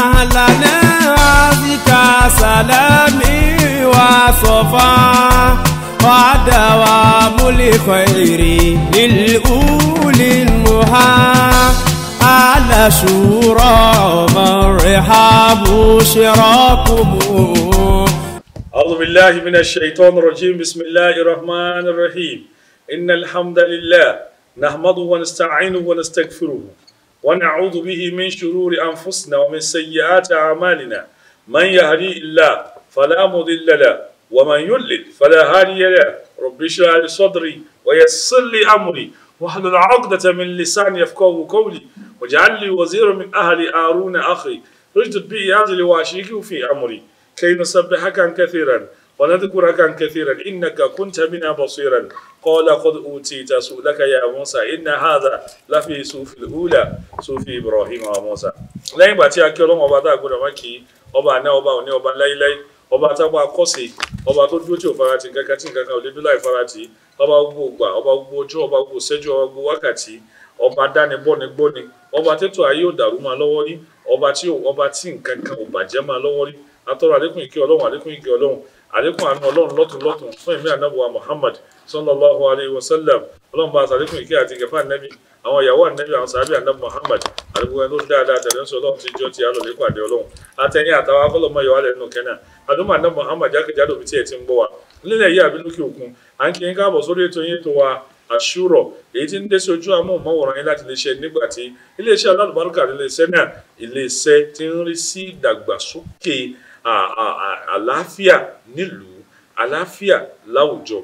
بك سلامي وصفا ودوام على شراكم أعوذ بالله من الشيطان الرجيم بسم الله الرحمن الرحيم إن الحمد لله نحمده ونستعينه ونستغفره ونعوذ به من شرور أنفسنا ومن سيئات أعمالنا من يهدي الله فلا مضل له ومن يضلل فلا هادي له رب اشرح لي صدري ويسر لي أمري واحلل عقدة من لساني يفقهوا قولي واجعل لي وزيرا من أهل هارون أخي اشدد به أجلي وأشركه في أمري كي نسبحك كثيرا ونذكرك كثيرا إنك كنت منا بصيرا قال قد أوتيت سؤلك يا موسى إن هذا لفي سوف الأولى سوف إبراهيم وموسى lẹ́yìn ìgbà tí a kí ọlọ́run ọba tá a gbọ́dọ̀ wá kí ọba àná ọba òní ọba láíláí ọba tápá kọ́sì ọba tó dúró tí ò farati kankan tí nǹkan kan ò lè dúró láì farati ọba gbogbo ògbà ọba gbogbo ojú ọba gbogbo ṣẹ́jú ọba gbogbo wákàtí ọba dánibọ́ni gbọ́ni ọba tètò ayé ò dàrú máa lọ́wọ́ rí ọba tí nǹkan kan ò bàjẹ́ máa lọ́wọ́ rí atọ́rọ̀ àlékún ìkẹ́ ọlọ́run àlékún ìkẹ́ ọlọ́run àlékún àánú ọlọ́run lọ́tún lọ́tún fún èmi ànábùwà muhammad sallallahu alayhi wa sallam ọlọ́run bá àsàlékún ìkẹ́ àti ìkẹfà ànábì àwọn ìyàwó ànábì àwọn sàábì ànábì muhammad àdúgbò ẹni tó dáadáa tẹ̀lé ń sọ ọlọ́run ti jọ ti alòlékún àdé ọlọ́run àtẹ̀yìn àtàwọn akọ́lọ́mọ yọ alẹ́ nínú kẹ́nà àdúgbò ànábì muhammad jákèjádò bí tiẹ̀ ti ń bọ̀ wá nílẹ̀ yìí àbínúkì òkun à ń kí n káàbọ̀ sórí ètò yín tó wa àṣúrọ̀ èyí tí ń dé sí ojú amóhùnmáwòrán yín láti iléeṣẹ́ nígbà tí iléeṣẹ́ alálùbáríkà iléeṣẹ́ náà iléeṣẹ́ ti ń rí sí ìdàgbàsókè Ah, ah, ah, àlàáfíà nílùú àlàáfíà láwùjọ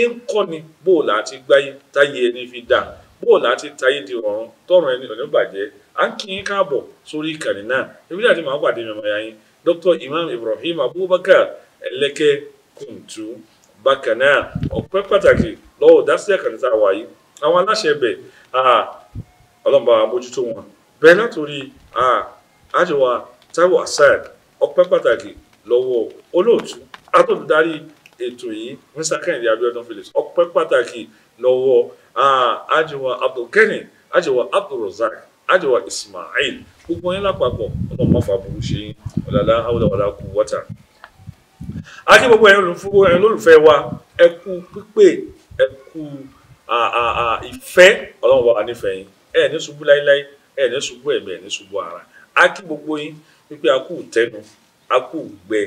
ń kọ́ ni bó o láti gbáyé táyé ẹni fi dáa bó o láti táyé di ọ̀run tọ̀run ẹni ọ̀nà bàjẹ́ à ń kí yín káàbọ̀ sórí ìkànnì náà ebi náà ti máa pàdé mi ọmọ ya yín Dr. Imam Ibrahim Abubakar Ẹlẹ́kẹ́ Kùntù bákan náà ọpẹ́ pàtàkì lọ́wọ́ dásílẹ̀ kan tá a wà yìí àwọn aláṣẹ ẹbẹ̀ ọlọ́mọba mójútó wọn bẹ́ẹ̀ látòrí àjọwà Taiwo Asad ọpẹ́ pàtàkì lọ́wọ́ olóòtú atọ́dúdarí ètò yìí mr kennedy abiodun phillips ọpẹ́ pàtàkì lọ́wọ́ ajiwa abdulkerim ajiwa abdulrozak ajiwa ismail gbogbo yín lápapọ̀ ọmọ mọ́fà burú ṣe yín ọ̀làlá àwòdàwòdà kú wọ́tà. akí gbogbo ẹ̀yin olólùfẹ́ wa ẹ kú pípé ẹ kú ìfẹ́ ọlọ́run wa nífẹ̀ẹ́ yín ẹ̀ ní ṣubú láíláí ẹ̀ ní ṣubú ẹ̀mí ẹ̀ ní ṣubú ara akí gbogbo yín wípé a kú tẹnu a kú gbẹ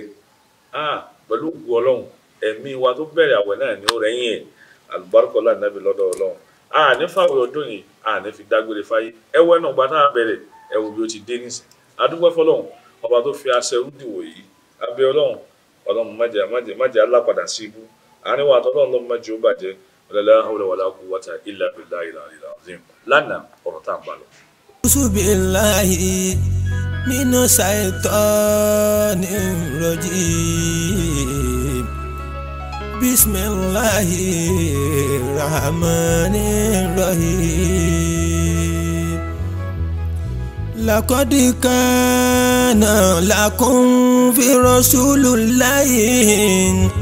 ah, pẹ̀lú gu ọlọ́run ẹ̀mí wa tó bẹ̀rẹ̀ àwẹ̀ náà ni ó ẹ ẹ̀ àlùbáríkọ lànàbí a ní fáwọn ọdún yìí a ní fi dágbére fáyé ẹwẹ́ náà gba náà bí ti dé nísìn adúgbò ọba tó fi aṣẹ yìí májẹ májẹ májẹ alápadà sí ibú àárín wa májẹ ó من شيطان رجيم بسم الله الرحمن الرحيم لقد كان لكم في رسول الله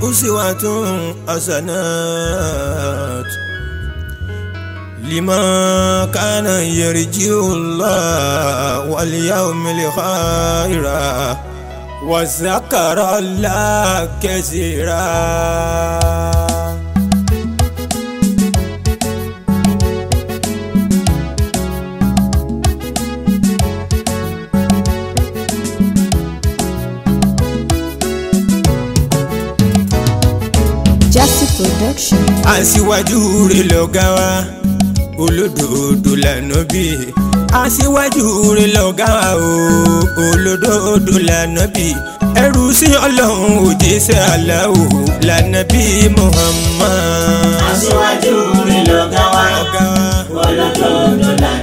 أسوة حسنات لما كان يرجو الله واليوم الخير وذكر الله كثيرا Jasi Production. you really look at. olódodo l'Ànábì aṣíwájú rẹ̀ lọ̀gá o olódodo l'Ànábì ẹrú sí ọlọ́run òjíṣẹ́ aláwo l'Ànábì Muhammad. aṣíwájú rẹ̀ lọ̀gá wa olódodo l'Ànábì.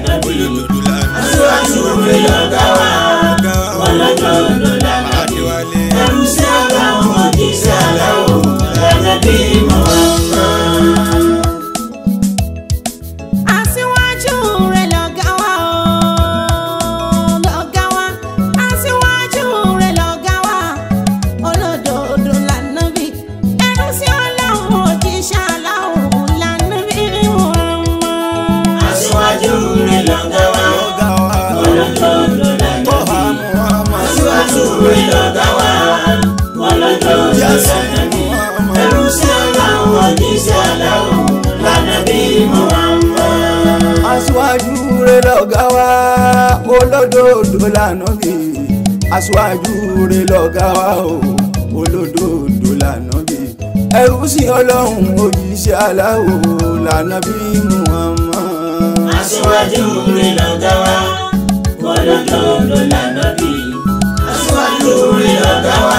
ọlọ́run òjíṣẹ́ aláwo lànà bí Muhammad. aṣíwájú rẹ̀ lọ́gá wa wọ́lọ́dọ̀ọ́dọ̀ lànà bí. aṣíwájú rẹ̀ lọ́gá wa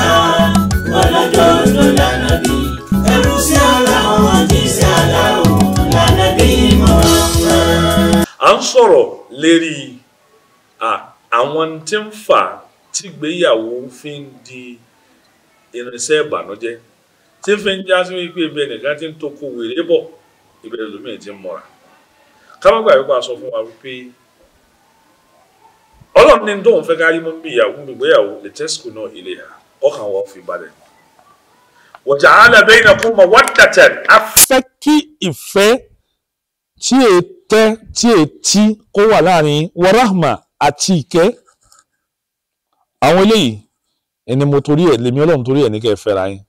wọ́lọ́dọ̀ọ́dọ̀ lànà bí. ẹrú sí ọlọ́run òjíṣẹ́ aláwo lànà bí Muhammad. à ń sọ̀rọ̀ lérí àwọn tí ń fà tígbéyàwó fi ń di irinṣẹ́ ìbànújẹ́ tí fi ń jásí wípé ibẹ̀ nìkan ti ń toko wèrè bọ̀ ibẹ̀ lómi ti ń mọ́ra kábàgbà yìí kó a sọ fún wa wípé ọlọ́run ní tóun fẹ́ kárí mú bí ìyàwó mi gbéyàwó lè tẹ́sìkò náà ilé ha ọkàn wọn fi balẹ̀ wọ̀jà alábẹ́ iná kó mọ wọ́n tẹ̀tẹ̀. a fẹ́ kí ìfẹ́ tí è tẹ́ tí è tí kó wà láàrin warahma àti ìkẹ́ àwọn eléyìí ẹni mo torí ẹ̀ lèmi ọlọ́run torí ẹ̀ ní kẹ́ ẹ yín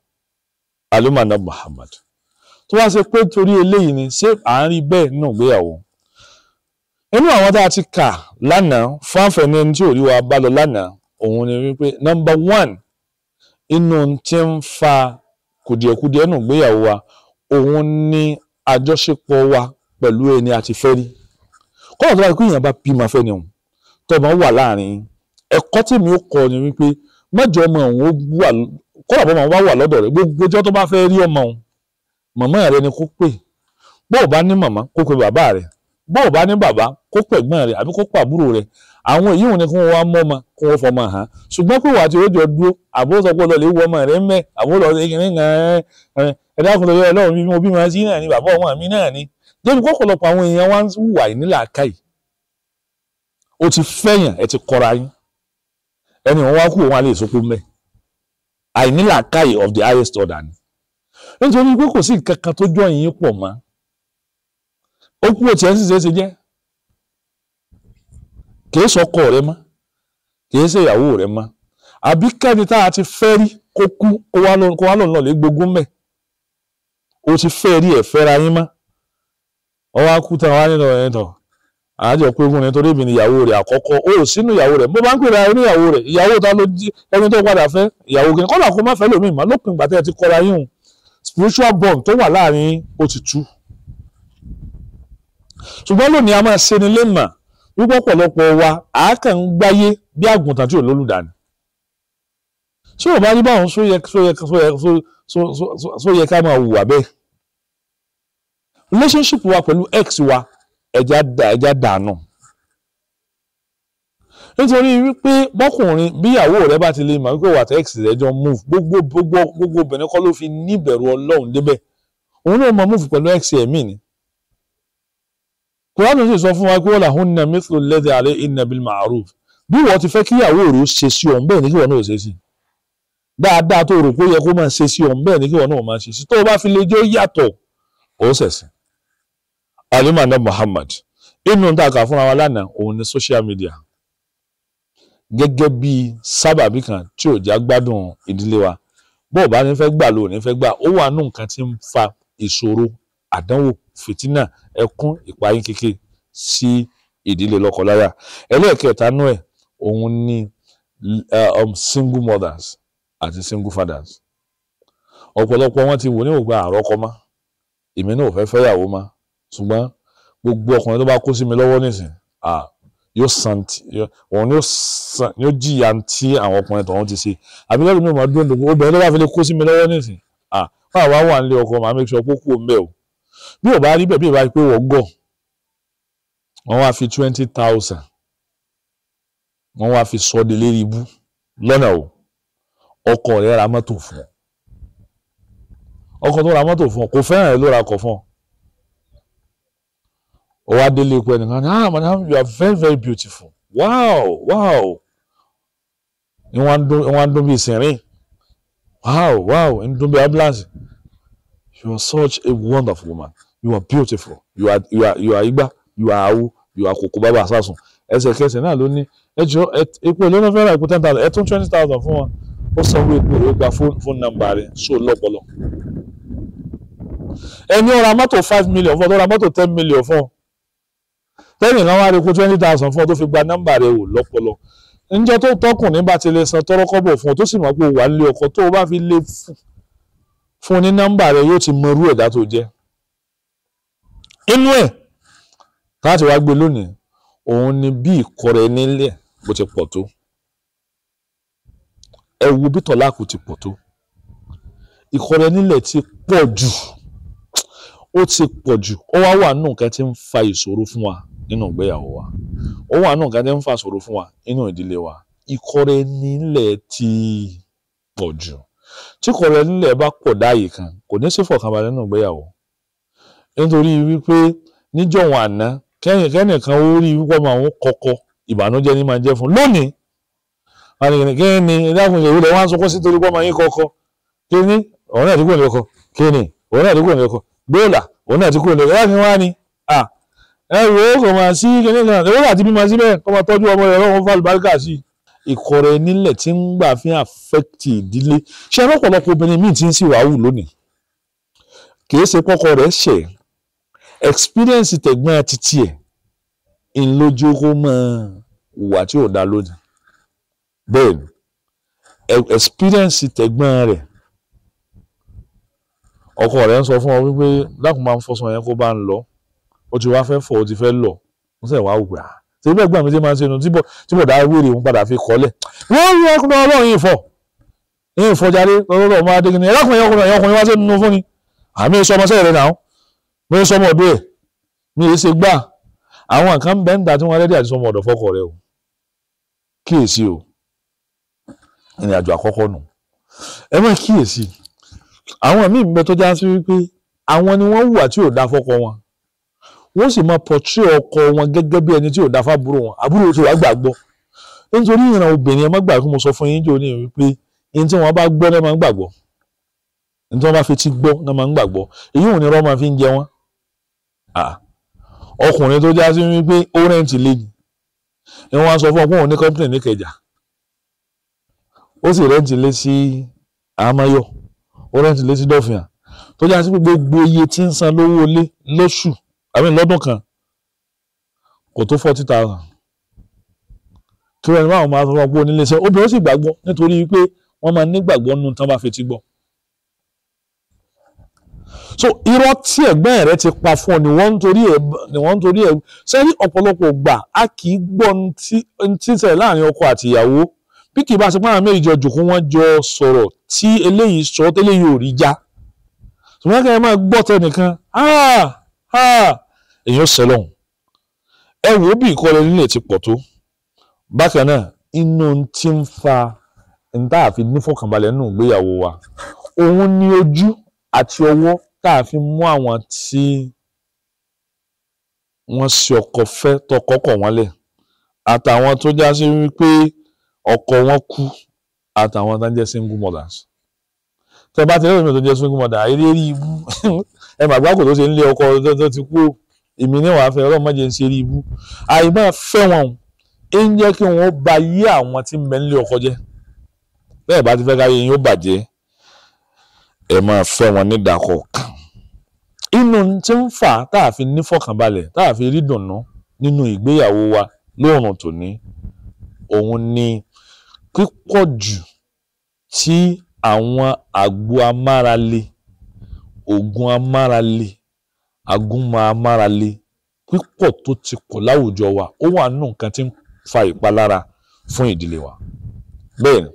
alumana muhammad tó wá ṣe pé torí eléyìí ni ṣé à ń rí bẹ́ẹ̀ nù gbéyàwó inú àwọn tá a ti kà lánàá fáfẹ̀mí ẹni tí ò rí wa bá lọ lánàá òun ni wípé nọmba one inú tí ń fa kùdìẹ̀kudiẹ nù gbéyàwó wa òun ni àjọṣepọ̀ wa pẹ̀lú ẹni àti fẹ́rí kọ́nà tó bá kú èèyàn bá bímọ fẹ́ni òun tó máa wà láàrin ẹ̀kọ́ tèmi ó kọ́ ni wípé mẹ́jọ ọmọ òun ó wà kódà bọ́ ọmọ wa wà lọ́dọ̀ rẹ̀ gbogbo ọjọ́ tó bá fẹ́ rí ọmọ òun màmá rẹ ni kó pè bó o bá ní màmá kó pe bàbá rẹ bó o bá ní bàbá kó pẹ̀gbọ́n rẹ àbí kó pàbúrò rẹ àwọn èyí ni kí wọ́n wá mọ́ ọmọ kí wọ́n fọmọ hàn ṣùgbọ́n pé wàá ti rọ́jò dúró àbó sọ pé wọ ọmọ rẹ mẹ́ àbó lọ sí kìnìún kan ẹ dákun ọlọ́run mi mo bí ma sí ni bàbá ọmọ mi náà ni débi kọ́kọ́lọpọ̀ àwọn èèyàn wá ń wà ní làákàyè o ti fẹ́yàn ẹ ti àìnílàákàyè of the highest order ni nítorí pé kò sí nǹkan tó jọ yín pọ̀ mọ́ ó òtí ẹ̀ ń ṣiṣẹ́ ṣe jẹ́ kì í sọkọ rẹ mọ́ kì í ṣe ìyàwó rẹ àbí kẹ́ni tá a ti fẹ́ rí kó kú kó wá lọ́nà mẹ́ o ti fẹ́ rí ẹ̀ fẹ́ra yín mọ́ tán wá àájọ pé fún ni torí èmi ni ìyàwó rẹ̀ àkọ́kọ́ ó sínú ìyàwó rẹ̀ bó bá ń pèrè ara oníyàwó rẹ̀ ìyàwó ta ló jí ẹni tó padà fẹ́ ìyàwó kìíní kọ́nà kó má fẹ́ lómi ìmọ̀ lópin ìgbà tẹ́ ẹ ti kọ́ra yíhun spiritual bond tó wà láàrin ó ti tú. ṣùgbọ́n lónìí a máa ṣe ni lẹ́mà wípé ọ̀pọ̀lọpọ̀ wa àákàn ń gbáyé bí àgùntàn tí ò lólùdáni. ṣé ò bá rí báwọn sóyẹ ká máa wùwà bẹ́ẹ̀ relationship wa pẹ̀lú ex wa ẹja dà ẹja dànù nítorí wípé bọ́kùnrin bíyàwó rẹ bá ti lè mọ̀ wípé wàtí x rẹ jọ move gbogbo gbogbo gbogbo obìnrin kọ́ ló fi níbẹ̀rù ọlọ́run débẹ̀ òun náà mọ̀ move pẹ̀lú x ẹ̀mí ni kùránù sì sọ fún wa pé wọ́n làhún nà mithlu lẹ́dẹ̀ àlẹ́ inna bil ma'ruf bí wọ́n ti fẹ́ kíyàwó rẹ ṣe sí ọ̀hún bẹ́ẹ̀ ni kí wọ́n náà ṣe sí dáadáa tó rò pé ó yẹ kó máa ṣe sí ọ̀hún bẹ́ẹ̀ ni kí wọ́n náà máa ṣe sí tó o bá fi lè jẹ́ yàtọ̀ ó ṣẹ̀sìn alimanda Muhammad inú tá a kà fúnra wa lánàá òun ni social media gẹ́gẹ́ bí sábàbí kan tí ò já gbádùn ìdílé wa bó o bá ní fẹ́ gbà ló ní fẹ́ gbà ó wà nù nǹkan tí ń fa ìṣòro àdánwò fìtínà ẹkún ìpayín kéke sí ìdílé lọ́kọláya ẹlẹ́ẹ̀kẹta nú ẹ̀ òun ni um, single mothers àti single fathers ọ̀pọ̀lọpọ̀ wọn ti wò ní òògùn àrọ́kọ́ mọ́ èmi náà ò mọ́ ṣùgbọ́n gbogbo ọkùnrin tó bá kó sí mi lọ́wọ́ nísìn yóò san òun yóò san yóò jìyà tí àwọn ọkùnrin tọ̀hún ti ṣe àbí lẹ́rù mi ò máa dúró dùn obìnrin tó bá fi lè kó sí mi lọ́wọ́ nísìn fún àwa wà nílé ọkọ màá make sure kó kú òǹbẹ o bí ò bá rí bẹ́ẹ̀ bí ò bá rí pé wọ́n gọ̀ wọ́n wá fi twenty thousand wọ́n wá fi sọ́ọ́dẹ lérí ibú lọ́nà o ọkọ rẹ̀ ra mọ́tò fún ọ ọkọ tó ra mọ́tò fún ọ kò fẹ́ràn ẹ̀ ló ra ọkọ̀ fún ọ ó wá délé ikú ẹnìkan ní ah madam you are very very beautiful wow wow ni wọ́n ń dún bí ìsìnrín wow wow ń dún bí ambulance you are such a wonderful woman you are beautiful you are you are you are igba you are awu you are kòkó bàbá àsásùn ẹsẹ̀kẹsẹ̀ náà ló ní ẹjọ́ epo ìlú náà fẹ́ ra epo ten thousand ẹtún twenty thousand fún wọn ó sanwó epo ó gba fóònù nọ́mbà rẹ̀ ṣó lọ́pọlọ. ẹni ó ra mọ́tò five million fún ọ tó ra mọ́tò ten million fún ọ lẹ́yìn náà wá rí kó twenty thousand fún ọ tó fi gba nọ́mbà rẹ wò lọ́pọlọ ǹjọ́ tó tọkùn ní bá ti lè san tọ́rọ́kọ́bọ̀ fún ọ tó sì mọ̀ pé o wà nílé ọkọ tó o bá fi lè fún ní nọ́mbà rẹ yóò ti mọ irú ẹ̀dá tó jẹ́ inú ẹ̀ láti wá gbé lónìí òun ni bí ìkọrẹ nílé bó ti pọ̀ tó ẹ wo bí tọ́láàkù ti pọ̀ tó ìkọrẹ nílé ti pọ̀ jù ó ti pọ̀ jù ó wá wà nù nǹkan tí ń fa ìṣòro fún wa. nínú ìgbéyàwó wa ó wà náà gàdé ń fa ṣòro fún wa nínú ìdílé wa ìkọrẹ nílẹ̀ ti pọ̀ jù tí kọrẹ nílẹ̀ bá pọ̀ dáàyè kan kò ní sí fọ̀kànbalẹ̀ nínú ìgbéyàwó nítorí wípé níjọ̀hún àná ó rí wípé ọmọ àwọn ìbànújẹ́ ni máa jẹ́ fún lónìí kí ni ọmọ yín kí ni ní kí ẹ wò ó kò máa sí kíní kan owó àti bímọ síbẹ̀ kó máa tọ́jú ọmọ rẹ̀ lọ́wọ́ fún àlùbáríkà sí i ìkọ̀rẹ́ nílẹ̀ tí ń gbà fi àfẹ́kìtì ìdílé ṣé ọ̀pọ̀lọpọ̀ obìnrin míì ti ń sì wàhù lónìí kì í ṣe pọ́kọ rẹ̀ ṣẹ̀ experience tẹ̀gbọ́n àti tiẹ̀ ńlójú kó máa wà tí ò dá lónìí bẹ́ẹ̀ ni experience tẹ̀gbọ́n rẹ̀ ọkọ rẹ̀ ń sọ fún ọ wípé dákun máa ń fọṣọ yẹn kó bá ń lọ ó ti wá fẹ́ fọ̀ ó ti fẹ́ lọ̀ ó sẹ̀ wá wùgbà tèmi bẹ́ẹ̀ gbà mí tí máa ń ṣe nu tí bọ̀dá wéèrè òun padà fi kọ́lẹ̀ wọ́n rí ọkùnrin ọlọ́run yìí fọ̀ yìí fọ̀ jáde lọ́dọ̀ ọmọ adékiní ẹlọ́kùnrin ọkùnrin ẹ̀yọ́ ọkùnrin wá sí nínú fún ni àmì sọ ọmọ sẹ́yìn rẹ̀ náà mi sọ ọmọ ọdún ẹ̀ mi ì ṣe gbà àwọn nǹkan bẹ́ẹ̀ ń ta tí wọ́n rẹ́dí àwọn míì bẹ tó já sí wípé àwọn ni wọ́n hùwà tí ò dá fọ́kọ wọn wọ́n sì máa pọ̀tírì ọkọ wọn gẹ́gẹ́ bí ẹni tí ò dafa fábúrò wọn àbúrò tí wàá gbàgbọ́ nítorí ìran obìnrin ẹ má gbà kí mo sọ fún yín jò ní wípé ẹni tí wọ́n bá gbọ́ náà máa ń gbàgbọ́ ẹni tí wọ́n bá gbọ́ náà máa ń gbàgbọ́ èyí ò ní rọ́ máa fi ń jẹ wọ́n ọkùnrin tó já sí wípé ó rẹ́ǹtì lé ni wọ́n sọ fún ní ní kẹjà ó àmì lọ́dún kan kò tó forty thousand tó rẹ̀ ní báwọn máa fọwọ́ gbọ́ nílé iṣẹ́ obìnrin sì gbàgbọ́ nítorí pé wọ́n máa nígbàgbọ́ nínú tán bá fetí gbọ́. so irọ́ tí ẹ̀gbọ́n rẹ ti pa fún ọ ni wọ́n ń torí ẹ̀ ni wọ́n ń torí ẹ̀ sẹ́yìn ọ̀pọ̀lọpọ̀ gbà á kì í gbọ́ ní títẹ̀ láàrin ọkọ àti ìyàwó bí kì í bá ṣe pàrọ̀ méjì jọ jòkó wọ́n jọ sọ̀rọ̀ tí eléyìí sọ tẹ́lẹ̀ yóò rí já ṣùgbọ́n kẹ́ ẹ máa gbọ́ tẹnìkan ah èèyàn sẹlọ̀hún ẹ wò ó bí ìkọlẹ̀ nílẹ̀ ti pọ̀ tó bákan náà inú ti ń fa níta àfi nífọ̀kànbalẹ̀ nínú ìgbéyàwó wa òun ni ojú àti ọwọ́ tá a fi mú àwọn tí wọ́n ṣe ọkọ fẹ́ tọkọ kọ̀ wọ́n lẹ̀ àtàwọn tó já sí wípé ọkọ wọn kú àtàwọn tó ń jẹ́ single mothers tẹ bá ti lẹ́nu mi tó jẹ́ swing mother eré rí ibú ẹ mà gbáko tó ṣe ń lé ọkọ tó ti kú èmi ní wàá fẹ́ ọlọ́run má jẹ́ ń ṣe rí ibú àìmọ́ fẹ́ wọn ń jẹ́ kí wọ́n ba yé àwọn tí ń ń lé ọkọ jẹ́ bẹ́ẹ̀ bá ti fẹ́ káyé yín ó bàjẹ́ ẹ máa fẹ́ wọn nídàkọ̀ọ̀kan inú tí ń fà tá a fi nífọ̀kànbalẹ̀ rí dùnnú nínú ìgbéyàwó wa lóòrùn tòní òun ni pípọ̀ jù tí àwọn àgbo amárale oògùn amárale agúnmu amárale pípọ̀ tó ti pọ̀ láwùjọ wa ó wà nínú nǹkan tí ń fa ìpalára fún ìdílé wa bẹ́ẹ̀ ni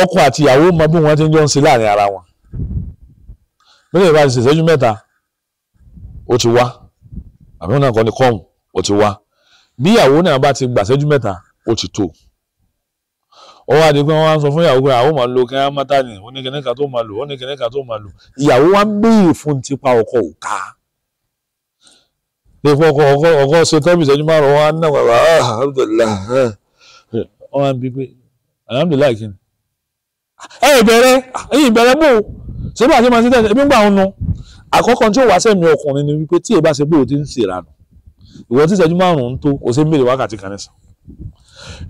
ọkọ àti ìyàwó mọ bí wọ́n ti ń jọ ń ṣe láàrin ara wọn bẹ́ẹ̀ ni bá ti ṣèṣẹ́jú mẹ́ta ó ti wá àbí wọn náà kọ́ ni kọ́ọ̀mù ó ti wá bí ìyàwó náà bá ti gbà ṣẹ́jú mẹ́ta ó ti tó o ó wá di pé wọ́n wá ń sọ fún ìyàwó pé àwọn máa lo kẹ́hán mátà ni ó ní kẹ́hán kan tó máa lò ó ní kẹ́hán kan tó máa lò ìyàwó wa ń béèrè fún tipa ọkọ ò ká lẹ́fọ́ ọkọ ọkọ ọkọ ṣe tẹ́bí ìṣẹ́jú márùn wọn á ná bàbá ah, alhamdulilah wọn á bí pé alhamdulilah kí ni. ẹ ìbẹ̀rẹ̀ ẹ̀yìn ìbẹ̀rẹ̀ bò ṣé bí a ṣe máa ṣe tẹ̀sí ẹbí ń gbà ń àkọ́kọ́ tí ó wá sẹ́mi ọkùnrin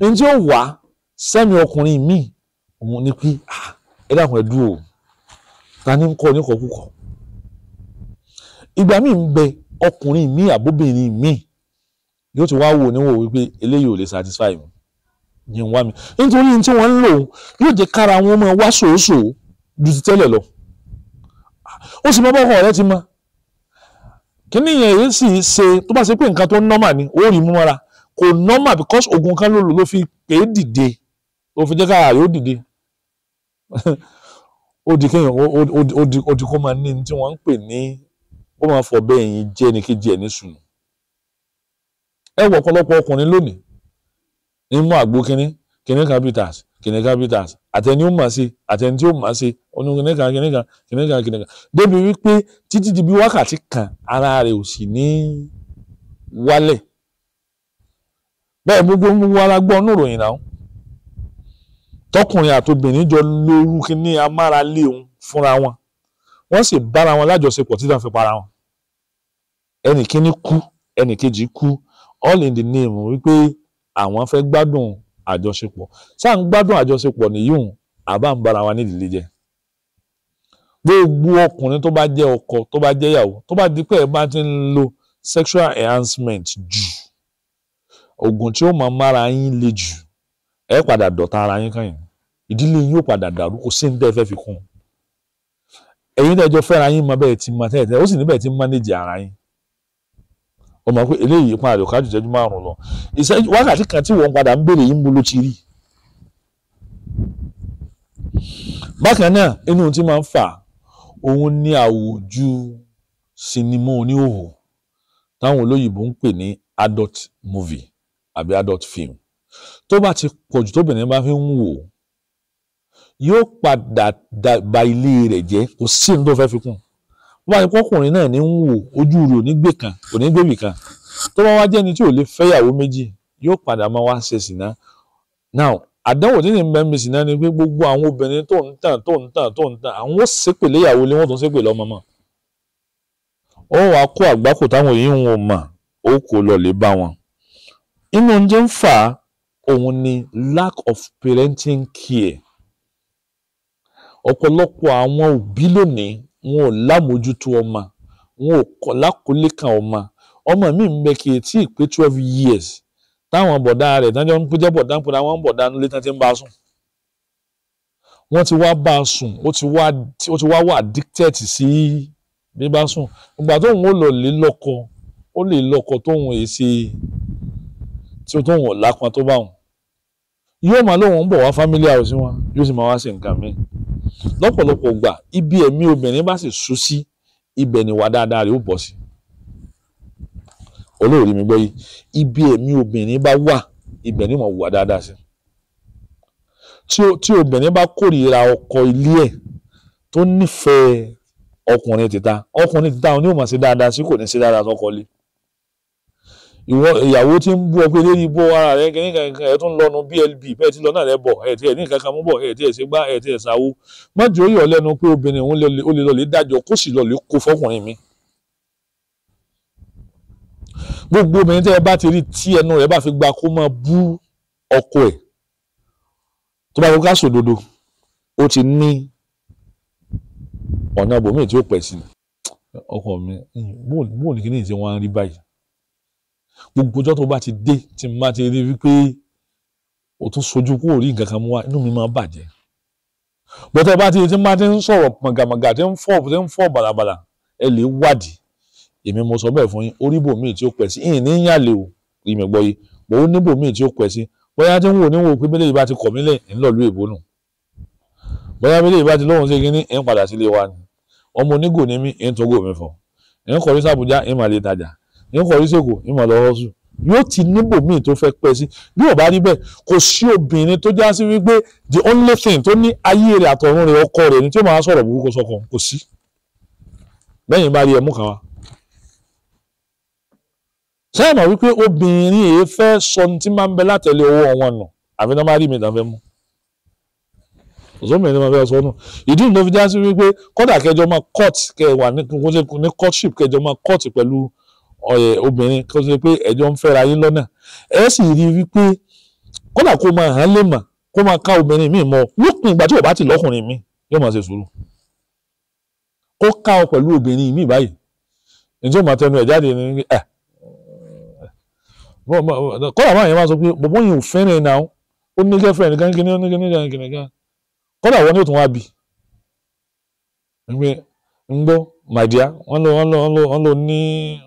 ni sẹ́mi ọkùnrin míì òun ni pé ẹ dákun ẹ dúró ta ni ń kọ́ oníkọ̀ọ́kùkọ̀ ìgbà míì ń bẹ ọkùnrin míì àbóbìnrin míì yóò ti wá wò níwò wípé eléyìí ò lè satisfy mi yìí wá mi nítorí tí wọ́n ń lò yóò jẹ́ kára wọn máa wá ṣòóṣò ju ti tẹ́lẹ̀ lọ ó sì máa bọ́kọ̀ ọ̀rẹ́ ti ma kíní yẹn èyí sì ṣe tó bá ṣe pé nǹkan tó nọ́mà ni ó rí mú mọ́ra kò nọ́mà because oògùn kan ló lò ló fi pè é dìde ó fi jẹ́ kára yóò dìde ó di kéèyàn ó di kó máa ní tí wọ́n ń pè ní ó máa fọ bẹ́ẹ̀ yín jẹ́ ní kejì ẹ̀ ní sùn. ẹ wọ ọ̀pọ̀lọpọ̀ ọkùnrin lónìí ní mú àgbo kínní kínní kan kínní àtẹni ó ṣe àtẹni tí di bí wákàtí kan ara rẹ̀ ò sì ní gbogbo ń wá ara gbọ́ tọkùnrin àtobìnrin jọ lóru kíní amáralé òun fúnra wọn wọ́n sì bára wọn lájọṣepọ̀ títà fi para wọn ẹnì kíní kú ẹnì kejì kú all in the name wípé àwọn fẹ́ gbádùn àjọṣepọ̀ sáà ń gbádùn àjọṣepọ̀ nìyíùn àbá ń bára wa nídìílé jẹ gbogbo ọkùnrin tó bá jẹ́ ọkọ tó bá jẹ́ ìyàwó tó bá di pé ẹ bá ti ń lo sexual enhancement jù oògùn tí ó máa mára yín le jù ẹ padà dọ̀tá ara yín kàn yín ìdílé yín ó padà dàrú kò sí ní tẹ́ fẹ́ fi kún un ẹ̀yin náà jọ fẹ́ra yín mọ bẹ́ẹ̀ ti mọ tẹ́lẹ̀ ó sì níbẹ̀ ti mánéjì ara yín ó mọ̀ pé eléyìí ìpín àlòkà jù jẹ́jú márùn lọ wákàtí kan tí wọ́n padà ń béèrè yín mú ló ti rí bákan náà inú tí máa ń fà òun ní àwùjù sinimá oníhòòhò táwọn olóyìnbó ń pè ní adult movie àbí adult film tó bá ti pọ̀jù tóbìnrin bá fi ń wò ó yóò padà ba ilé rẹ̀ jẹ́ kò sí ní tó fẹ́ fi kún wọ́n á ní kọ́kùnrin náà ní ń wò ojú rò ní gbè kan kò ní gbèbì kan tó bá wá jẹ́ni tí ò lè fẹ́yàwó méjì yóò padà máa wá ṣe sìná now àdánwò tí ní bẹ́ẹ̀ sìná ni pé gbogbo àwọn obìnrin tó ń tàn tó ń tàn tó ń tàn àwọn ó ṣépè léyàwó lé wọ́n tó ń ṣépè lọ́mọ mọ́ ó wàá kó àgbákò táwọn yìí ń wò mà ó kò lọ lè bá wọn inú oúnjẹ ń fà òun ni lack of parenting care ọ̀pọ̀lọpọ̀ àwọn òbí lónìí wọn ò lámójútó ọmọ wọn ò kọ́ lákòólé kan ọmọ ọmọ mi ń bẹ kí etí ìpé twelve years táwọn bọ̀dá rẹ̀ dájọ́ ń péjẹ́ bọ̀dá ń pera wọn bọ̀dá nílé tán ti ń bá a sùn wọ́n ti wá bá a sùn ó ti wá wà addicted sí bíbá sùn ìgbà tóun ó lọ lé lọ́kọ ó lè lọ́kọ tóun èsì tí tóun ò lápọn tó bá wọn yóò máa lóun ń bọ̀ wá family house wọn yóò sì máa wá sí nǹkan mìíràn lọ́pọ̀lọpọ̀ gbà ibi ẹ̀mí obìnrin bá sì sú sí ibẹ̀ ni wà dáadáa rẹ̀ ó bọ̀ sí olóòrí mi gbọ́ yìí ibi ẹ̀mí obìnrin bá wà ibẹ̀ ni mo wà dáadáa sí tí obìnrin bá kórìíra ọkọ ilé ẹ̀ tó nífẹ̀ẹ́ ọkùnrin tìta ọkùnrin tìta òun ni ó máa ṣe dáadáa sí kò ní ṣe dáadáa sọ́kọ ilé ìwọ ìyàwó tí ń bú ọ pé lérí bó ara rẹ kìíní kankan ẹ tún lọnu blb bẹẹ ti lọ náà rẹ bọ ẹ tí ẹ ní kankan mú bọ ẹ tí ẹ ṣe gbá ẹ tí ẹ ṣàwó má jẹ́ òye ọlẹnu pé obìnrin òun ó lè lọlé dájọ́ kó sì lọlé kó fọkùnrin mi. gbogbo obìnrin tẹ́ ẹ bá ti rí tí ẹnu rẹ̀ bá fi gba kó máa bú ọkọ ẹ̀ tó bá fọwọ́ ká sòdodo ó ti ní ọ̀nà ibòmíì tí ó pẹ̀ sí ọkọ mi bóun ní kí ni ìṣe wọn rí báyìí gbogbo ọjọ́ tó bá ti dé tí mo bá ti rí wípé o tún sojú kúrò rí nǹkan kan mú wa inú mi máa bàjẹ́ bọ́tẹ́ bá ti ti máa ti ń sọ̀rọ̀ màgàmàgà tí ń fọ́ tí ń fọ́ bàlàbàlà ẹ lè wádìí èmi mo sọ bẹ́ẹ̀ fún yín oríbò míì tí ó pẹ̀ sí ìyìn ní yàlè o ìmọ̀ gbọ́ yìí bò ó níbò míì tí ó pẹ̀ sí bóyá tí ń wò ní wò pé bẹ́lẹ̀ yìí bá ti kọ̀ mí lẹ̀ ń lọ lú èbó nù bóyá bẹ́lẹ̀ yìí bá ti lóhùn sí kínní ń padà sílé wa ni ọmọ onígò ní mí ń tọ́gò mi fọ ń kọrí sàbújá ń màlẹ́ tajà yóò kọrí sèkò yóò máa lọ hustle yóò ti níbò míì tó fẹ́ pẹ́ sí bí ò bá rí bẹ́ẹ̀ kò sí obìnrin tó já sí wípé the only thing tó ní ayé rẹ̀ àtọ̀run rẹ̀ ọkọ rẹ̀ ni tí ó máa sọ̀rọ̀ burúkú sọkọ kò sí lẹ́yìn bá rí ẹmú kan wá. sẹ́yìn mọ̀ wípé obìnrin yìí fẹ́ sọ ní tí máa ń bẹ látẹ̀lé owó wọn nù àfi náà má rí mi ìdá fẹ́ mú. òṣòmìnira máa fẹ́ sọ nù ìdí ìdó fi já sí wípé kọ́dà kẹjọ máa obìnrin kó ṣe pé ẹjọ ń fẹ́ra yín lọ́nà ẹ sì rí i wípé kódà kó máa hàn lè mà kó máa ká obìnrin mi mọ́ lópin ìgbà tí ò bá ti lọ́kùnrin mi yóò máa ṣe sùúrù kó ká ọ pẹ̀lú obìnrin mi báyìí ǹjẹ́ ò máa tẹnu ẹ̀ jáde ní ẹ̀ ah. kódà máa sọ pé yìí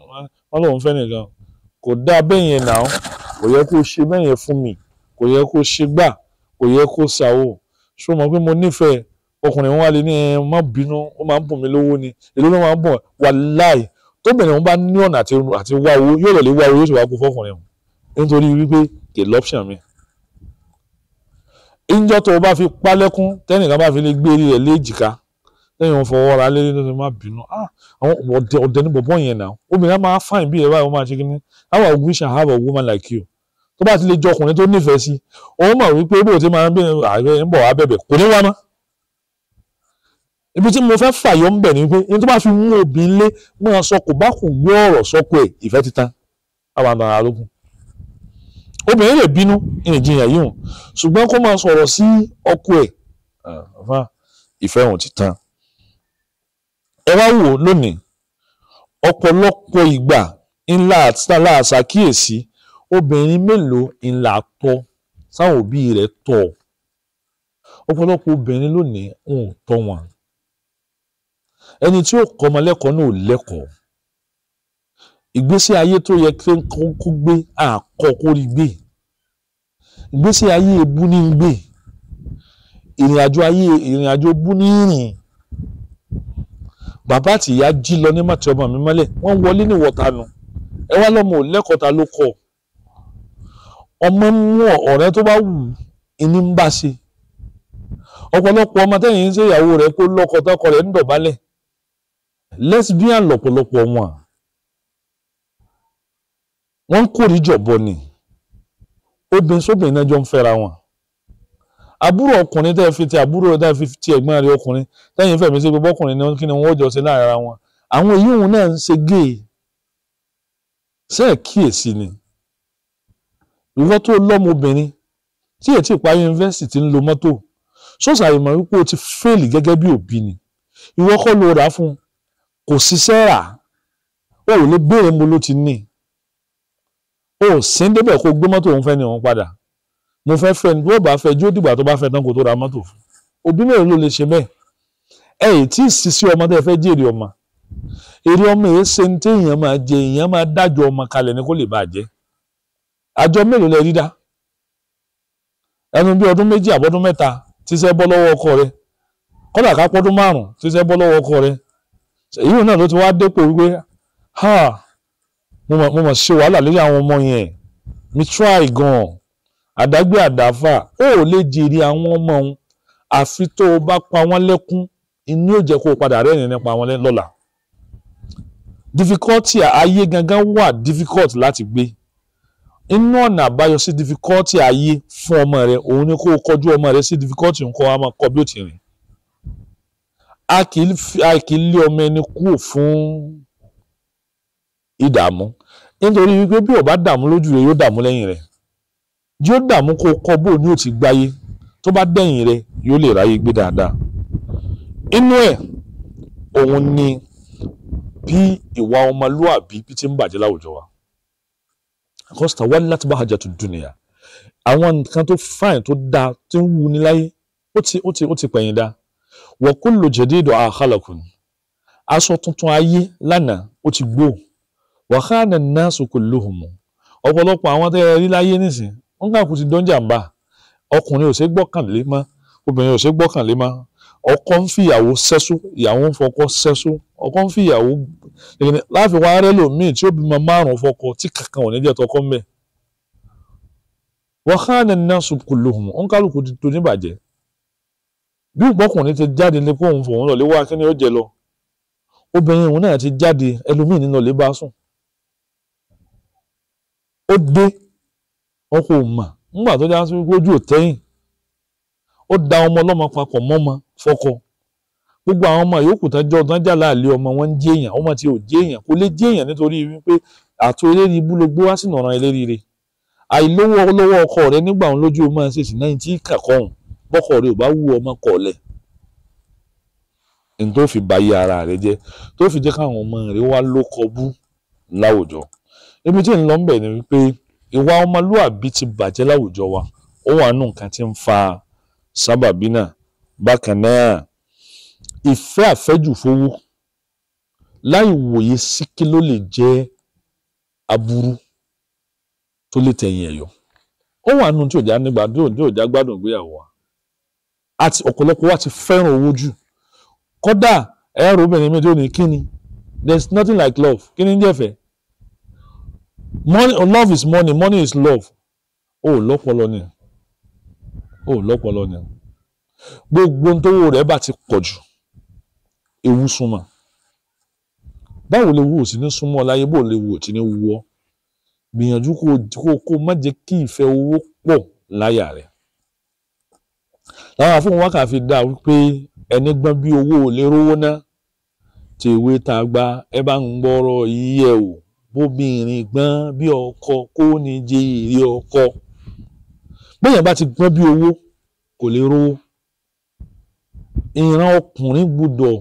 ò wọ́n lòun fẹ́ nìkan kò dáa bẹ́ẹ̀ yẹn náà kò yẹ kó ṣe bẹ́ẹ̀ yẹn fún mi kò yẹ kó ṣe gbà kò yẹ kó ṣàwò ṣó mọ̀ pé mo nífẹ̀ẹ́ ọkùnrin wọn lè ní ẹ má bínú ó máa ń bùn mí lówó ni èló ló máa ń bùn wàláì tó bẹ̀rẹ̀ wọn bá ní ọ̀nà àti wá owó yóò lọ lè wá owó yóò sì wá kó fọkùnrin wọn nítorí wípé kè lọ́pṣàn mi. ìjọ tó o bá fi pálẹ́kún tẹ́nìkan bá fi lè gbé eré rẹ̀ léjìká lẹ́yìn wọn fọwọ́ ra lẹ́yìn lẹ́yìn má bínú ah, àwọn ọ̀dẹ ọ̀dẹ ní bọ̀bọ̀ yẹn náà obìnrin á máa fáìn bí ẹ̀rọ àwọn máa ṣe kíní how I wish I have a woman like you tó bá ti lè jọ ọkùnrin tó nífẹ̀ẹ́ sí òun mọ̀ wípé bó ti máa ń bẹ̀rẹ̀ ààrẹ ń bọ̀ abẹ́bẹ̀ kò ní wá mọ́ ibi tí mo fẹ́ fàyọ ń bẹ̀ ni pé ní tó bá fi mú obì lé máa sọ kò bá kù gbé ọ̀rọ̀ sọ́kù ẹ̀ ìfẹ́ títan àwọn àna arógún obìnrin lè bínú ìrìnjìyàn yìí hùn ṣùgbọ́n kó máa sọ̀rọ̀ sí ọkọ ẹ̀ ah, ìfẹ́ hùn títan ẹ wá wò ó lónìí ọ̀pọ̀lọpọ̀ ìgbà ńlá àtàlà ṣàkíyèsí obìnrin mélòó ńlá tọ́ sáwọn òbí rẹ̀ tọ́ ọ̀pọ̀lọpọ̀ obìnrin lónìí ń tọ́ wọn ẹni tí ó kọ́ ọmọ lẹ́kọ̀ọ́ náà ò lẹ́kọ̀ọ́ ìgbésí ayé tó yẹ kí kó gbé àkọ́ kó rí gbé ìgbésí ayé ebú ní gbé ìrìn ayé ìrìn àjò ní rìn bàbá àti ìyá jí lọ ní màtí ọmọ mi mọ́lẹ̀ wọ́n wọlé ní wọ́ta nu ẹ wá lọ́mọ òlẹ́kọ̀ọ́ta ló kọ̀ ọmọ mú ọ̀rẹ́ tó bá wù ìní ń bá ṣe ọ̀pọ̀lọpọ̀ ọmọ tẹ́yìn ń ṣe ìyàwó rẹ̀ kó lọ́kọ tọkọ rẹ̀ ń dọ̀bálẹ̀ lesbian lọ̀pọ̀lọpọ̀ wọn wọ́n ń kórìíjọ̀bọ ni obìnrin sóbìnrin náà jọ ń fẹ́ra wọn àbúrò ọkùnrin tẹ́ fi ti àbúrò tẹ́ fi ti ẹ̀gbọ́n rẹ̀ ọkùnrin tẹ́yìn fẹ̀mí sí gbogbo ọkùnrin náà kí ni wọ́n jọ ṣe láàrin ara wọn àwọn èyí òun náà ń ṣe géè ṣe ni ìwọ tó lọ́mọbìnrin tí èyí ti parí yunifásitì ń lo mọ́tò sọ́sà ìmọ̀ wípé o ti fẹ́ẹ̀lì gẹ́gẹ́ bí òbí ni ìwọ kọ́ ló rà fún kò ṣiṣẹ́ rà o ò lè béèrè mo ló ti ní o ò sí débẹ̀ kó gbé mọ́tò òun fẹ́ ni òun padà mo fẹ́ fẹ́ ni bí wọ́n bá fẹ́ jó dìgbà tó bá fẹ́ tán kó tó ra mọ́tò fún òbí mẹ́rin ló lè ṣe bẹ́ẹ̀ ẹ ì tí ì sì sí ọmọ tẹ́ fẹ́ jèrè ọmọ èrè ọmọ yẹn ṣe ní tí èèyàn máa jẹ èèyàn máa dájọ ọmọ kalẹ̀ ní kó lè bàa jẹ́ àjọ mélòó lẹ dídá ẹnu bí ọdún méjì àbọ́dún mẹ́ta tíṣẹ́ bọ́ lọ́wọ́ ọkọ rẹ kọ́dà ká pọ́dún márùn-ún tíṣẹ́ bọ́ lọ́wọ́ ọkọ rẹ èyí náà ló ti wá dépò wípé ha mo mọ̀ ṣe wàhálà lórí àwọn ọmọ yẹn mi try gan-an àdágbé àdáfà ó lè jèrè àwọn ọmọ òun àfi tó o bá pa wọ́n lẹ́kún inú yóò jẹ́ kó o padà rẹ́rìn nípa wọn lọ́la difficulty ayé gangan wà difficult láti gbé inú ọ̀nà àbáyọ sí difficulty ayé fún ọmọ rẹ òun ni kó o kọjú ọmọ rẹ sí difficulty nǹkan wa máa kọ bí ó ti rìn a kì í lé ọmọ ẹni kúrò fún ìdààmú nítorí wípé bí o bá dààmú lójú rẹ yóò dààmú lẹ́yìn rẹ̀ yóò dààmú kó kọ́ bó ni ó ti gbáyé tó bá dẹ̀yìn rẹ yóò lè ráyè gbé dáadáa inú ẹ̀ òun ni bí ìwà ọmọlúwàbí bí ti ń bàjẹ́ láwùjọ wa àkọsítà wá láti bá hajjatu dunya àwọn nǹkan tó fáìn tó dáa tó ń wuni láyé ó ti ó ti ó ti pẹ̀yìn dá wa kullu jadidu akhalakun aṣọ tuntun ayé lánàá ó ti gbó wa khana an-nasu kulluhum ọ̀pọ̀lọpọ̀ àwọn tẹ́lẹ̀ rí láyé nísìn wọ́n kàn kù ti dọ́njàmbá ọkùnrin ò ṣe gbọ́kànlé mọ́ obìnrin ò ṣe gbọ́kànlé mọ́ ọkọ ń fi ìyàwó sẹ́sú ìyàwó ń fọkọ sẹ́sú ọkọ ń fi ìyàwó láàfin wa rẹ lòmíì tí ó bímọ márùn fọkọ tí kankan ò ní jẹ́ tọkọ mẹ́ wọ́n ká ní náà sùkú lòhùn ó ń kálukú ti tó níbàjẹ́ bí ìgbọ́kùnrin ti jáde ní kóhùn fòun lọ wá kí ni ó jẹ lọ obìnrin òun náà ti jáde ẹlòmíì nínú lè bá sùn ó dé wọn kò mọ̀ nígbà tó dá sí lójú òtẹ́yìn ó da ọmọ ọlọ́mọ papọ̀ mọ́mọ fọkọ gbogbo àwọn ọmọ yòókù tán jọ tán jàlá àlè ọmọ wọn ń jẹ èèyàn ọmọ tí ò jẹ èèyàn kò lè jẹ èèyàn nítorí wípé àtò eléyìí ibú ló gbó wá sí nàrán eléríire àìlówó lọ́wọ́ ọkọ rẹ nígbà òun lójú ọmọ ṣèṣì náà tí kàkọhùn bọ́kọ rẹ ò bá wú ọmọ kọlẹ n tó fi ba yí ara rẹ jẹ tó fi jẹ káwọn ọmọ rẹ wá ló kọbú láwùjọ ebi tí ń lọ ń bẹ ni wípé ìwà ọmọlúàbí ti bàjẹ́ láwùjọ wa ó wà nù nǹkan tí ń fa sábàbí náà bákan náà ìfẹ́ àfẹ́jù fowó láì wòye sí kí ló lè jẹ́ aburú tó lè tẹ̀yìn ẹ̀yọ́ ó wà nù tí òjá nígbà tí òjá gbádùn ìgbéyàwó wa àti ọ̀pọ̀lọpọ̀ wa ti fẹ́ràn owó jù kódà ẹ̀rọ obìnrin mi tí ó ní kíni there is nothing like love kíni ń jẹ́fẹ̀ẹ́ money love is money money is love o ò lọ́pọlọ ni o ò lọ́pọlọ ni gbogbo ohun tówó rẹ̀ bá ti pọ̀ jù ewu súnmọ́ báwo lè wù ò sí ní súnmọ́ láyé bó lè wù ò tí ní wù ọ́ gbìyànjú kó kó kó má jẹ́ kí ìfẹ́ owó pọ̀ láyà rẹ̀ làwọn àfọwọ́n wákà fi dá wípé ẹni gbọ́n bí owó ò lè rówó ná tèwé tàgbà ẹ bá ń gbọ́rọ̀ yíyẹ o bóbìnrin gbọ́n bí ọkọ kó ní jẹ èrè ọkọ bẹ́yàn bá ti gbọ́n bí owó kò lè rówó ìran ọkùnrin gbọ́dọ̀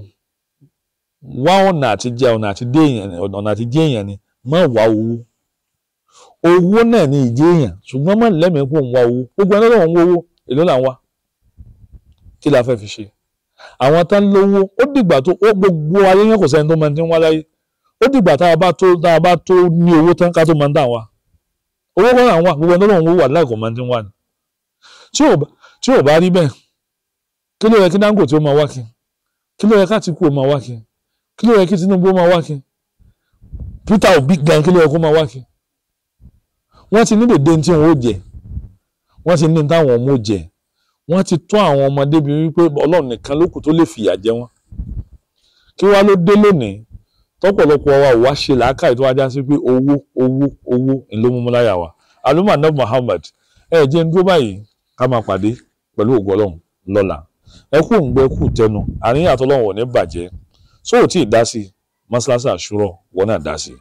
wá ọ̀nà àti jẹ ọ̀nà àti dé èèyàn ọ̀nà àti jẹ èèyàn ni má wá owó owó náà ni ìjẹ èèyàn ṣùgbọ́n má lẹ́mìí kó ń wá owó gbogbo ẹni lọ́wọ́ ń wá owó èló là ń wá kí la fẹ́ fi ṣe àwọn tán lówó ó dìgbà tó ó gbogbo ayé yẹn kò sẹ́ni tó máa ti ń wá láyé ó dìgbà tá a bá tó tá a bá tó ní owó tán ká tó máa ń dà wá owó kan náà wà gbogbo ẹni ọlọ́run owó wà láìkọ̀ máa ń dín wà ní. tí ò bá rí bẹ́ẹ̀ kí ló yẹ kí Dangote ó máa wá kí kí ló yẹ ká Atiku ó máa wá kí kí ló yẹ kí Tinubu ó máa wá kí Peter Obi gan kí ló yẹ kó máa wá kí. wọ́n ti ní dèdè tí wọ́n ó jẹ wọ́n ti ní táwọn ọmọ ó jẹ wọ́n ti tọ́ àwọn ọmọdé bíi ọlọ́run nìkan ló tó lè fìyà jẹ wọ́n kí wá ló dé lónìí tọ́pọ̀lọpọ̀ wa ụwa wá ṣe làákàyè tó wá sí pé owó owó owó ńlọmọmọláyà wa aluma nab Muhammad ẹ jẹ́ ń dúró báyìí ká máa pàdé pẹ̀lú ògo lọla lọ́la ẹ kú ń gbẹ kú tẹnu ní sóò wọn náà dá sí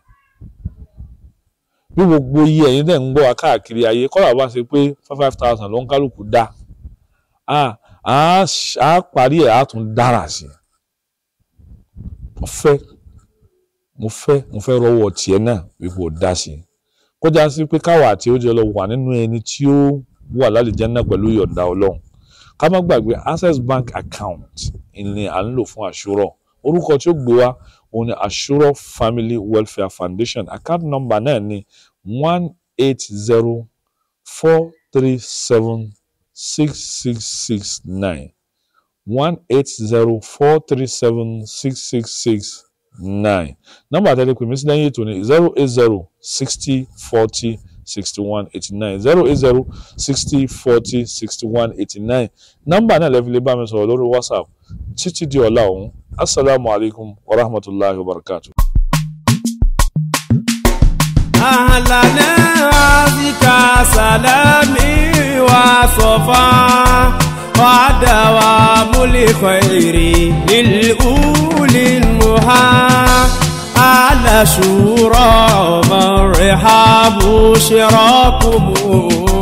bí gbogbo iye ẹ̀yin ń gbọ́ káàkiri ayé kọ́lá bá ṣe pé five five thousand ló ń kálukú dá a ẹ̀ á tún dára sí mo fẹ́ mo fẹ́ rọ́wọ́ tiẹ̀ náà wípé o dá sí i kọjá sí pé káwa àti ó jẹ lọ wà nínú ẹni tí ó wà lálejẹ náà pẹ̀lú ìyọ̀ǹda ọlọ́run ká má gbàgbé access bank account ni à ń lò fún àṣúrọ̀ orúkọ tí ó gbé wa òun ni àṣúrọ̀ family welfare foundation account number náà ni one eight zero four three seven six six six nine one eight zero four three seven six six six. nine. Nọ́mbà tẹ́lẹ̀ pè mí sí lẹ́yìn ètò ní zero eight zero sixty forty sixty one eighty nine zero eight zero sixty forty WhatsApp di Asalaamualeykum wa rahmatulahi wa barakatu. Àlàlẹ́ àfikà sàlámì wà sọ̀fà. مع دوام الخير للأول المحا على شورى مرحب شراكم